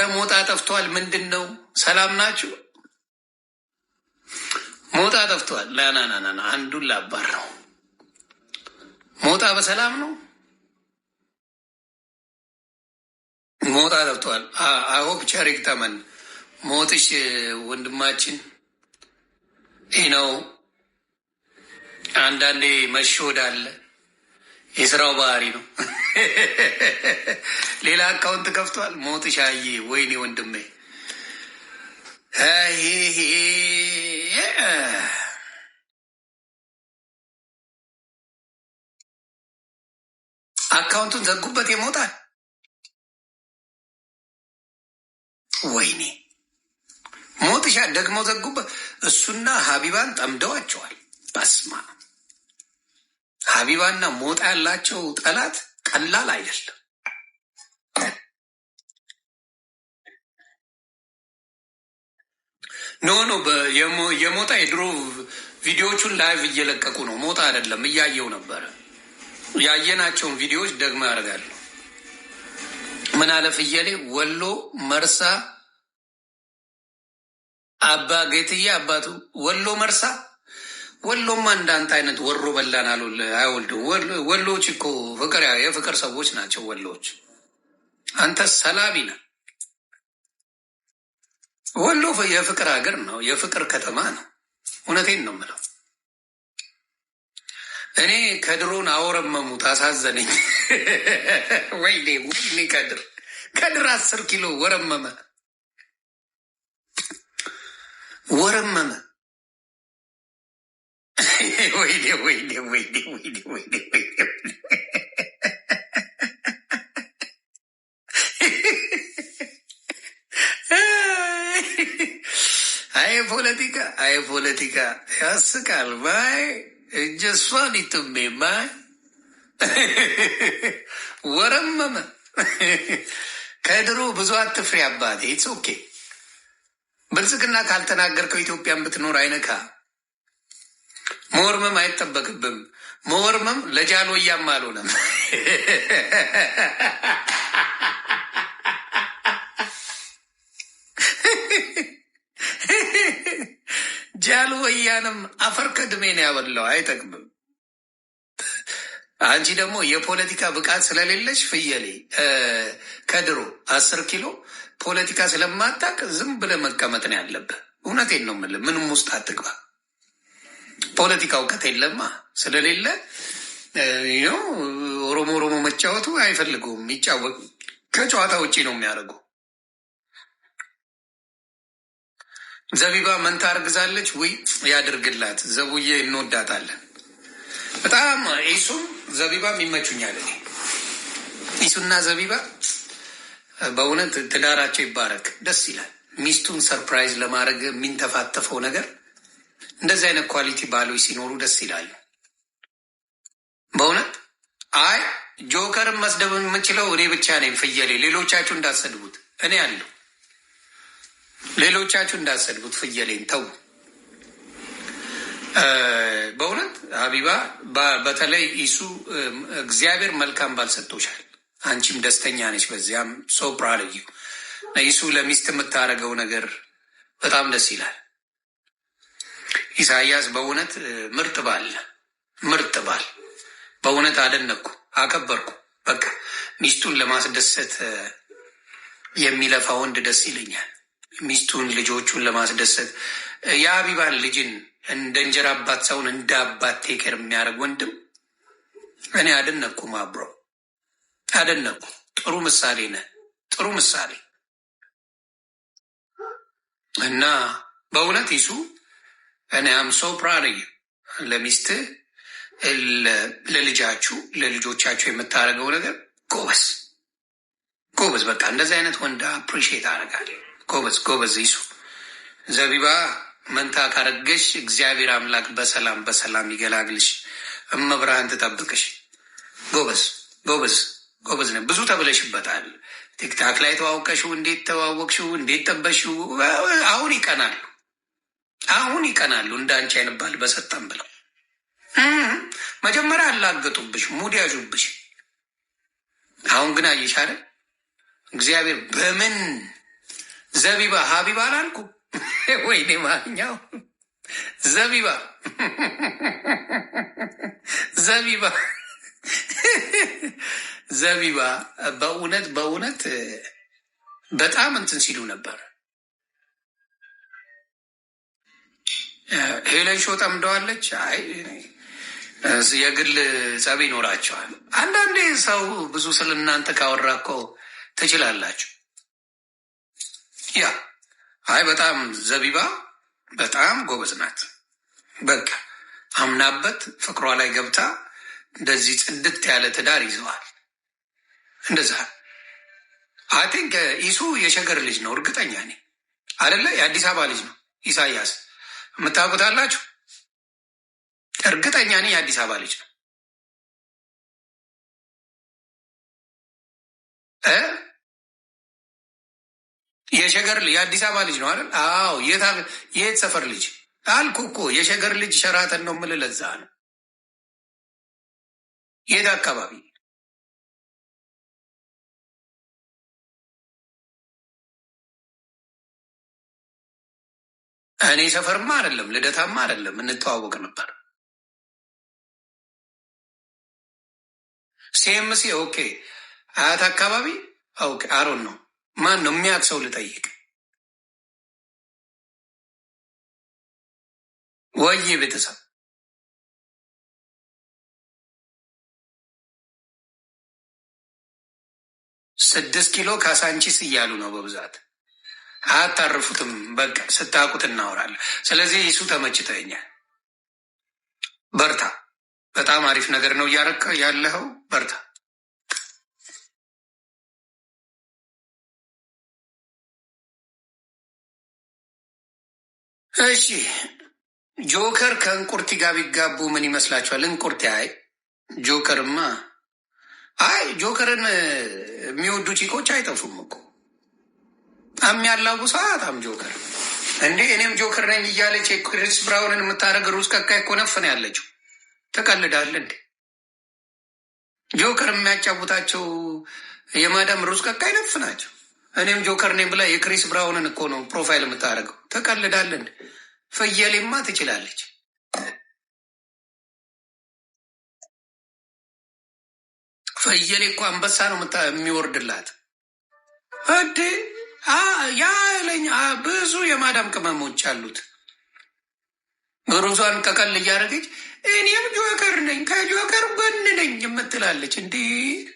ረ ሞጣ ጠፍቷል። ምንድን ነው ሰላም ናችሁ? ሞጣ ጠፍቷል። ላናናናና አንዱን ላባር ነው። ሞጣ በሰላም ነው። ሞጣ ጠፍቷል። አሆፕ ቸሪክ ተመን ሞጥሽ ወንድማችን ይህ ነው። አንዳንዴ መሾድ አለ። የስራው ባህሪ ነው። ሌላ አካውንት ከፍቷል። ሞት ሻዬ፣ ወይኔ ወንድሜ አካውንቱን ዘጉበት። የሞታል ወይኔ ሞትሻ ደግሞ ዘጉበት። እሱና ሀቢባን ጠምደዋቸዋል። በስማ ሀቢባና ሞጣ ያላቸው ጠላት ቀላል አይደለም። ኖ ኖ የሞጣ የድሮ ቪዲዮዎቹን ላይቭ እየለቀቁ ነው። ሞጣ አይደለም እያየው ነበረ። ያየናቸውን ቪዲዮዎች ደግሞ ያደርጋሉ። ምን አለ ፍየሌ፣ ወሎ መርሳ፣ አባ ጌትዬ አባቱ ወሎ መርሳ ወሎማ እንዳንተ አይነት ወሮ በላን አሉ አይወልድም። ወሎች እኮ ፍቅር የፍቅር ሰዎች ናቸው ወሎች አንተ ሰላቢ ነ ወሎ የፍቅር ሀገር ነው፣ የፍቅር ከተማ ነው። እውነቴን ነው ምለው እኔ ከድሮን አወረመሙት፣ አሳዘነኝ። ወይኔ ወይኔ ከድር ከድር አስር ኪሎ ወረመመ ወረመመ ወይኔ ወይኔ ወይኔ ወይኔ ወይኔ ወይኔ አይ ፖለቲካ አይ ፖለቲካ ያስቃል። ማይ እጀሷን ይቱሜ ማይ ወረመመ። ከድሮ ብዙ አትፍሬ አባቴ። ኢትስ ኦኬ ብልጽግና ካልተናገርከው ኢትዮጵያን ብትኖር አይነካ መወርመም አይጠበቅብም። መወርመም ለጃኖያም አልሆነም። ጃል ወያንም አፈር ነው ያበላው አይጠቅምም። አንቺ ደግሞ የፖለቲካ ብቃት ስለሌለች ፍየሌ ከድሮ አስር ኪሎ ፖለቲካ ስለማታቅ ዝም ብለህ መቀመጥ ነው ያለብህ። እውነቴን ነው የምልህ። ምንም ውስጥ አትግባ። ፖለቲካ እውቀት የለማ ስለሌለ ኦሮሞ ኦሮሞ መጫወቱ አይፈልገውም። ይጫወቅ ከጨዋታ ውጪ ነው የሚያደርጉ። ዘቢባ መንታ አርግዛለች። ውይ ያድርግላት። ዘቡዬ እንወዳታለን በጣም። ኢሱም ዘቢባም ይመቹኛል። ኢሱና ዘቢባ በእውነት ትዳራቸው ይባረክ፣ ደስ ይላል። ሚስቱን ሰርፕራይዝ ለማድረግ የሚንተፋተፈው ነገር እንደዚህ አይነት ኳሊቲ ባሎች ሲኖሩ ደስ ይላሉ። በእውነት አይ ጆከርን መስደብ የምችለው እኔ ብቻ ነኝ። ፍየሌ ሌሎቻችሁ እንዳሰድቡት እኔ አለሁ። ሌሎቻችሁ እንዳሰድቡት ፍየሌን ተው። በእውነት ሀቢባ፣ በተለይ ኢሱ እግዚአብሔር መልካም ባል ሰጥቶሻል። አንቺም ደስተኛ ነች። በዚያም ሶ ፕራድ ዩ ኢሱ ለሚስት የምታደርገው ነገር በጣም ደስ ይላል። ኢሳያስ በእውነት ምርጥ ባል ምርጥ ባል በእውነት አደነቅኩ፣ አከበርኩ። በቃ ሚስቱን ለማስደሰት የሚለፋ ወንድ ደስ ይለኛል። ሚስቱን ልጆቹን ለማስደሰት የአቢባን ልጅን እንደ እንጀራ አባት ሳይሆን እንደ አባት ቴከር የሚያደርግ ወንድም እኔ አደነቅኩ። ማብሮ አደነቅኩ። ጥሩ ምሳሌ ነ ጥሩ ምሳሌ እና በእውነት ይሱ እኔ አም ሶ ፕራድ ለሚስትህ፣ ለልጃችሁ፣ ለልጆቻችሁ የምታደርገው ነገር ጎበዝ ጎበዝ። በቃ እንደዚህ አይነት ወንድ አፕሪሺየት አደርጋለሁ። ጎበዝ ጎበዝ። ይሱ ዘቢባ መንታ ካረገሽ እግዚአብሔር አምላክ በሰላም በሰላም ይገላግልሽ፣ እመብርሃን ትጠብቅሽ። ጎበዝ ጎበዝ ጎበዝ ነ ብዙ ተብለሽበታል። ቲክታክ ላይ ተዋውቀሽው፣ እንዴት ተዋወቅሽው፣ እንዴት ጠበሽው። አሁን ይቀናል። አሁን ይቀናሉ እንደ አንቺ አይነት ባል በሰጠን ብለው መጀመሪያ አላገጡብሽ፣ ሙድ ያዙብሽ። አሁን ግን አየሻለ እግዚአብሔር በምን ዘቢባ ሀቢባ አላልኩ ወይኔ ማኛው ዘቢባ ዘቢባ ዘቢባ በእውነት በእውነት በጣም እንትን ሲሉ ነበር። ሄለን ሾ ጠምደዋለች። አይ የግል ጸብ ይኖራቸዋል። አንዳንዴ ሰው ብዙ ስል እናንተ ካወራ እኮ ትችላላችሁ። ያ አይ በጣም ዘቢባ በጣም ጎበዝ ናት። በቃ አምናበት ፍቅሯ ላይ ገብታ እንደዚህ ጽድት ያለ ትዳር ይዘዋል። እንደዛ አይ ቲንክ ኢሱ የሸገር ልጅ ነው እርግጠኛ ነኝ። አደለ የአዲስ አበባ ልጅ ነው ኢሳያስ የምታውቁት አላችሁ? እርግጠኛ ነኝ የአዲስ አበባ ልጅ ነው። የሸገር ልጅ የአዲስ አበባ ልጅ ነው አይደል? አዎ። የት ሰፈር ልጅ አልኩ እኮ የሸገር ልጅ ሸራተን ነው የምልህ። ለዛ ነው። የት አካባቢ እኔ ሰፈርማ አይደለም ልደታማ አይደለም እንተዋወቅ ነበር። ሲኤምሲ ኦኬ፣ አያት አካባቢ ኦኬ። አሮን ነው ማን ነው የሚያውቅ ሰው ልጠይቅ ወይ ቤተሰብ ስድስት ኪሎ ካሳንቺስ እያሉ ነው በብዛት አታርፉትም። በቃ ስታውቁት እናወራለን። ስለዚህ ይሱ ተመችተኛል። በርታ። በጣም አሪፍ ነገር ነው እያረከ ያለኸው። በርታ። እሺ ጆከር ከእንቁርቲ ጋር ቢጋቡ ምን ይመስላችኋል? እንቁርቲ አይ ጆከርማ አይ ጆከርን የሚወዱ ቺቆች አይጠፉም እኮ የሚያላውሰዋት አም ጆከር እንዴ እኔም ጆከር ነኝ እያለች ክሪስ ብራውንን የምታደርግ ሩስ ቀቃይ እኮ ነፍን ነው ያለችው። ትቀልዳል እንዴ ጆከር የሚያጫውታቸው የማዳም ሩስ ቀቃይ ነፍ ናቸው። እኔም ጆከር ነኝ ብላ የክሪስ ብራውንን እኮ ነው ፕሮፋይል የምታደርገው። ትቀልዳል እንዴ ፍየሌማ ትችላለች። ፍየሌ እኮ አንበሳ ነው የሚወርድላት እንዴ ያለኝ ብዙ የማዳም ቅመሞች አሉት። ሩዟን ቀቀል እያደረገች እኔም ጆከር ነኝ ከጆከር ጎን ነኝ የምትላለች። እንዲ